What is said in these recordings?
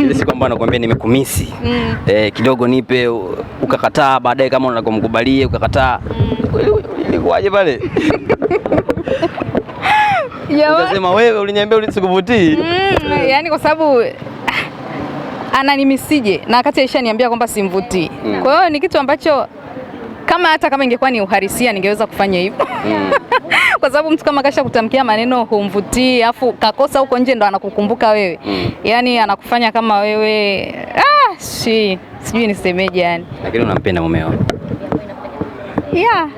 ile siku ambayo nakwambia nimekumisi mm. eh, kidogo nipe, ukakataa. Baadaye kama unakomkubalie ukakataa, mm. ilikuwaje pale? Unasema wewe uliniambia ulisikuvutii Mm, yani kwa sababu ananimisije na wakati aisha niambia kwamba simvutii, mm. kwa hiyo ni kitu ambacho kama hata kama ingekuwa ni uharisia ningeweza kufanya hivyo mm. kwa sababu mtu kama kasha kutamkia maneno humvutii, afu kakosa huko nje ndo anakukumbuka wewe mm. yani anakufanya kama wewe ah, shi sijui nisemeje yani. Lakini unampenda mumeo? Ya,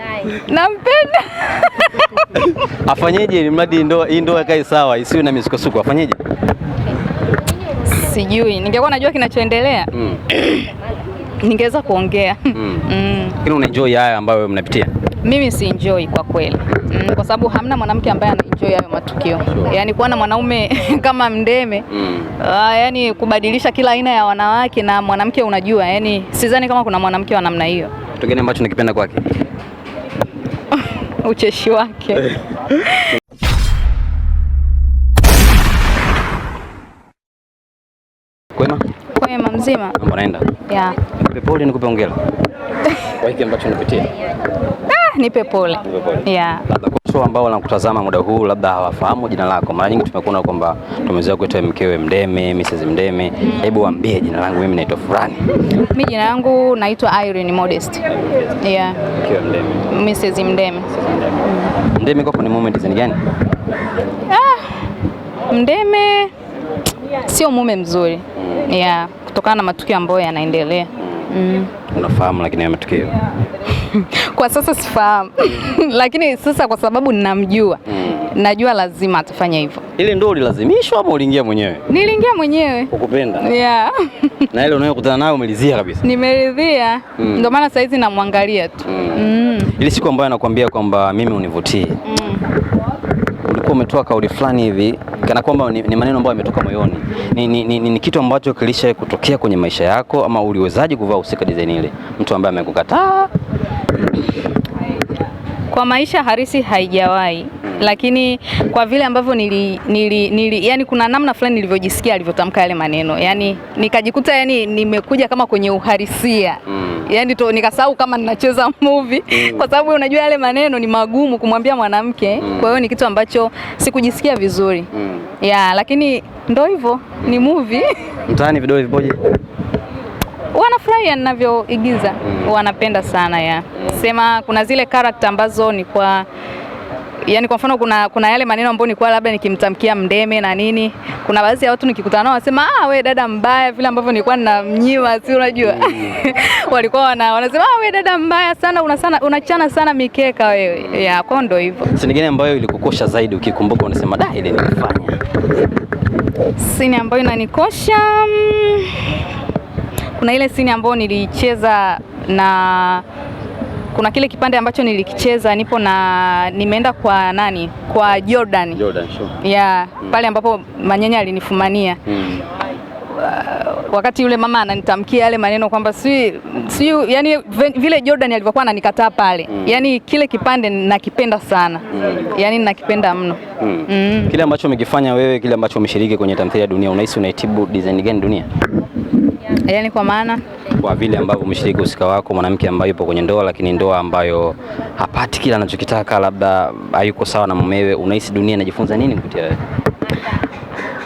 nampenda afanyeje? Mradi ndoa hii ndoa ikae sawa, isiwe na misukosuko, afanyeje? Sijui, ningekuwa najua kinachoendelea mm ningeweza kuongea hmm. mm. mm. unaenjoy haya ambayo mnapitia? Mimi si enjoy kwa kweli hmm. mm, kwa sababu hamna mwanamke ambaye anaenjoy hayo matukio sure. Yaani kuwa na mwanaume kama Mdeme mm. Uh, ah, yani kubadilisha kila aina ya wanawake na mwanamke, unajua yani sidhani kama kuna mwanamke wa namna hiyo. Kitu gani ambacho nakipenda kwake? ucheshi wake eh. Kwema? Kwema mzima. Mbona pepole pole, nikupe hongera kwa hiki ambacho unapitia? Ah, nipe pole. Yeah. Labda kwa watu ambao wanakutazama muda huu labda hawafahamu jina lako. Mara nyingi tumekuona kwamba tumezoea kuita mkewe Mdeme, Mrs. Mdeme. Hebu waambie jina langu mimi naitwa fulani. Mimi jina langu naitwa Irene Modest. Yeah. Mkewe Mdeme. Mrs. Mdeme. Mdeme kwako ni moment gani? Ah, Mdeme sio mume mzuri. Mm. Yeah, kutokana na matukio ambayo yanaendelea mm. Unafahamu lakini haya matukio kwa sasa sifahamu lakini sasa kwa sababu ninamjua mm. najua lazima atafanya hivyo. Ile ndio ulilazimishwa ama uliingia mwenyewe? Niliingia mwenyewe ukupenda. yeah. na ile unayokutana nayo umelizia kabisa? Nimeridhia mm. ndio maana saizi namwangalia tu mm. mm. ile siku ambayo anakuambia kwamba mimi univutii mm. ulikuwa umetoa kauli fulani hivi kana kwamba ni, ni maneno ambayo yametoka moyoni, ni, ni, ni, ni kitu ambacho kilisha kutokea kwenye maisha yako, ama uliwezaje kuvaa usika design ile, mtu ambaye amekukataa kwa maisha harisi haijawahi, lakini kwa vile ambavyo nili, nili, nili, yani kuna namna fulani nilivyojisikia alivyotamka yale maneno, yani nikajikuta yani nimekuja kama kwenye uharisia mm. yani to nikasahau kama ninacheza movie mm. kwa sababu unajua yale maneno ni magumu kumwambia mwanamke mm. kwa hiyo ni kitu ambacho sikujisikia vizuri mm. ya, lakini ndo hivyo ni movie. Mtaani vidole vipoje? wanafurahia ninavyoigiza mm. wanapenda sana ya mm. sema kuna zile karakta ambazo ni kwa yani kwa mfano kuna, kuna yale maneno ambayo nilikuwa labda nikimtamkia Mdeme na nini, kuna baadhi ya watu nikikutana nao wasema ah, we dada mbaya, vile ambavyo nilikuwa ninamnyima, si unajua mm. walikuwa wana, wanasema ah, we dada mbaya sana, una sana unachana sana mikeka wewe. Ya kwa ndo hivyo. Sini gani ambayo ilikukosha zaidi, ukikumbuka unasema da ile nilifanya? Sini ambayo inanikosha mm kuna ile sini ambayo nilicheza na kuna kile kipande ambacho nilikicheza nipo na nimeenda kwa nani, kwa Jordan, Jordan sure. Yeah, mm. Pale ambapo Manyanya alinifumania mm. Uh, wakati yule mama ananitamkia yale maneno kwamba si si, yani vile Jordan alivyokuwa ananikataa pale mm. Yani kile kipande nakipenda sana mm. Yani nakipenda mno mm. Mm. Kile ambacho umekifanya wewe, kile ambacho umeshiriki kwenye tamthilia ya Dunia, unahisi unaitibu design gani Dunia? Yaani kwa maana kwa vile ambavyo umeshiriki usika wako, mwanamke ambaye yupo kwenye ndoa lakini ndoa ambayo hapati kila anachokitaka, labda hayuko sawa na mumewe, unahisi dunia inajifunza nini kupitia wewe?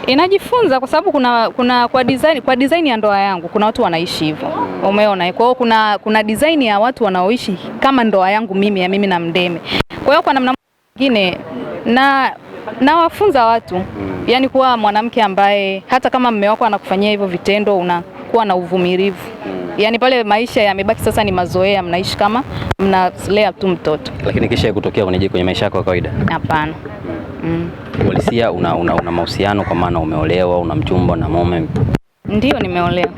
Inajifunza kwa sababu kuna, kuna kwa design, kwa design ya ndoa yangu kuna watu wanaishi hivyo, umeona. Eh, kwa hiyo kuna, kuna design ya watu wanaoishi kama ndoa yangu mimi ya mimi na Mdeme. Kwa hiyo kwa namna nyingine na nawafunza watu, mm. yani kuwa mwanamke ambaye hata kama mume wako anakufanyia hivyo vitendo una kuwa na uvumilivu mm. Yaani pale maisha yamebaki sasa ni mazoea, mnaishi kama mnalea tu mtoto, lakini kisha ikutokea kwenye kwenye maisha yako ya kawaida, hapana. Mm. una, una, una mahusiano kwa maana umeolewa, una mchumba na mume? Ndio, nimeolewa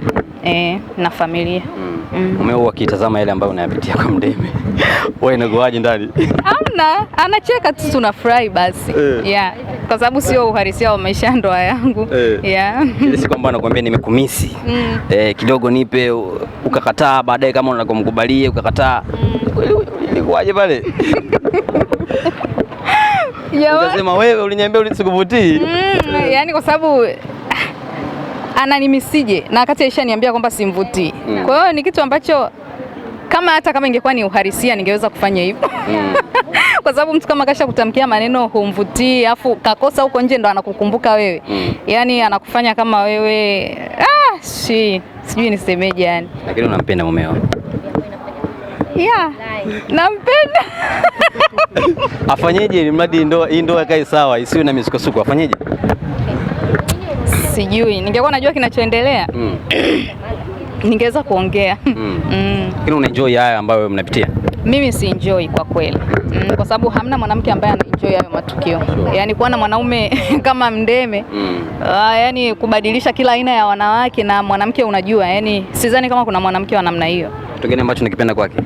e, na familia mm. Mm. Umeua huo yale ambayo unayapitia kwa Mdeme wewe inakuwaje ndani? Hapana, anacheka tu tunafurahi basi eh. Yeah. Kwa sababu sio uhalisia wa maisha ndoa yangu eh. Yeah. siku ambayo anakuambia nimekumisi mm. Eh, kidogo nipe ukakataa, baadaye kama unakomkubalie ukakataa mm. Ilikuwaje pale? Unasema wewe uliniambia ulisikuvutii mm, yani kwa sababu ah, ananimisije na wakati Aisha niambia kwamba simvutii mm. Kwa hiyo ni kitu ambacho kama hata kama ingekuwa ni uhalisia ningeweza kufanya hivyo mm. kwa sababu mtu kama kasha kutamkia maneno humvutii, afu kakosa huko nje ndo anakukumbuka wewe mm. Yani anakufanya kama wewe ah, shi sijui nisemeje yani. Lakini unampenda mumeo? Yeah, nampenda afanyeje ili mradi ndoa hii ndoa ikae sawa isiwe na misukosuko, afanyeje? Sijui, ningekuwa najua kinachoendelea mm. ningeweza kuongea mm. mm. Lakini unaenjoy haya ambayo mnapitia? Mimi si enjoy kwa kweli mm, kwa sababu hamna mwanamke ambaye anaenjoy hayo matukio sure. Yaani kuwa na mwanaume kama Mdeme mm. Uh, yani kubadilisha kila aina ya wanawake na mwanamke, unajua yani sidhani kama kuna mwanamke wa namna hiyo. Kitu gani ambacho nakipenda kwake?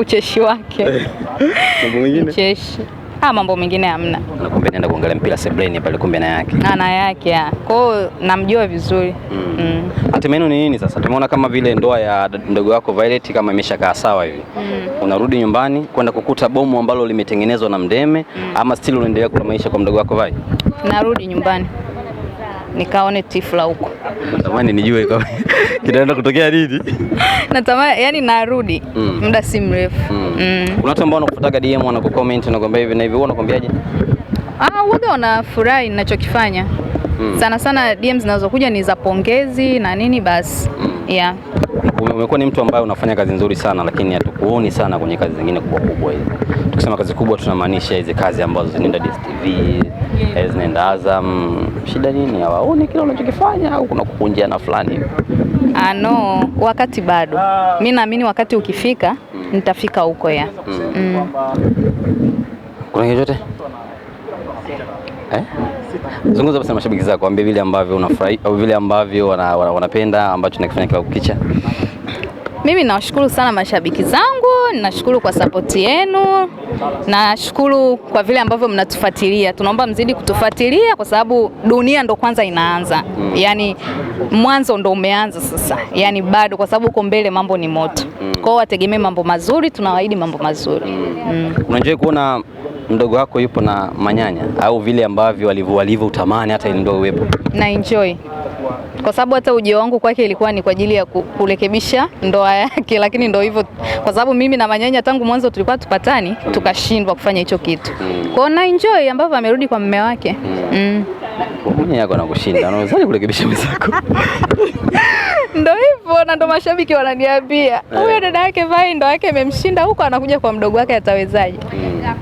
ucheshi wake. Mambo mengine ucheshi Ah, mambo mengine hamna. Na kumbe naenda kuangalia mpira sebleni pale, kumbe na yake ah, na yake ya. Kwa hiyo namjua vizuri mm. Mm. yenu ni nini sasa? Tumeona kama vile ndoa ya mdogo wako Violet kama imeshakaa sawa hivi mm. Unarudi nyumbani kwenda kukuta bomu ambalo limetengenezwa na Mdeme mm. Ama still unaendelea kula maisha kwa mdogo wako Vai? Narudi nyumbani nikaone Tifla huko. Natamani nijue kitaenda kutokea nini? Natamani yani narudi mm. muda si mrefu mm. mm. Kuna watu ambao wanakufutaga DM wanakucomment na kukwambia hivi na hivi, wewe unakwambiaje? Ah, uoga wanafurahi ninachokifanya mm. sana sana DM zinazokuja ni za pongezi na nini basi mm. yeah umekuwa ni mtu ambaye unafanya kazi nzuri sana, lakini hatukuoni sana kwenye kazi zingine kubwa kubwa hizi. Tukisema kazi kubwa, tunamaanisha hizi kazi ambazo zinaenda DStv, eh, zinaenda Azam. Shida nini? hawaoni kile unachokifanya au kuna kukunjiana fulani? Ah, no, wakati bado. Mimi naamini wakati ukifika, mm. nitafika huko ya. Mm. Mm. Kuna Eh? Zungumza basi na mashabiki zako, waambie vile ambavyo unafurahi au vile ambavyo wana, wana, wanapenda ambacho nakifanya kila kukicha. Mimi nawashukuru sana mashabiki zangu, nashukuru kwa sapoti yenu, nashukuru kwa vile ambavyo mnatufuatilia. Tunaomba mzidi kutufuatilia kwa sababu dunia ndo kwanza inaanza mm. Yaani mwanzo ndo umeanza sasa, yaani bado, kwa sababu uko mbele, mambo ni moto mm. Kwao wategemee mambo mazuri, tunawaahidi mambo mazuri mm. mm. Unajua kuona mdogo wako yupo na manyanya au vile ambavyo utamani hata ili ndio uwepo na enjoy kwa sababu hata ujio wangu kwake ilikuwa ni kwa ajili ya kurekebisha ndoa yake, lakini ndo hivyo, kwa sababu mimi na manyanya tangu mwanzo tulikuwa tupatani, tukashindwa kufanya hicho kitu mm. kwao, na enjoy ambavyo amerudi kwa mume wake mm. mm. Mwenye yako anakushinda, kurekebisha mwenzako? Ndo hivyo na ndo mashabiki wananiambia eh. huyo dada yake Vai ndo yake imemshinda huko, anakuja kwa mdogo wake, atawezaje? Mm.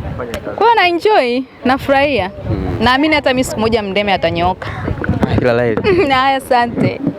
Kwa na enjoy, nafurahia. Naamini hata mimi siku moja Mdeme atanyoka. Kila la heri. Haya, asante.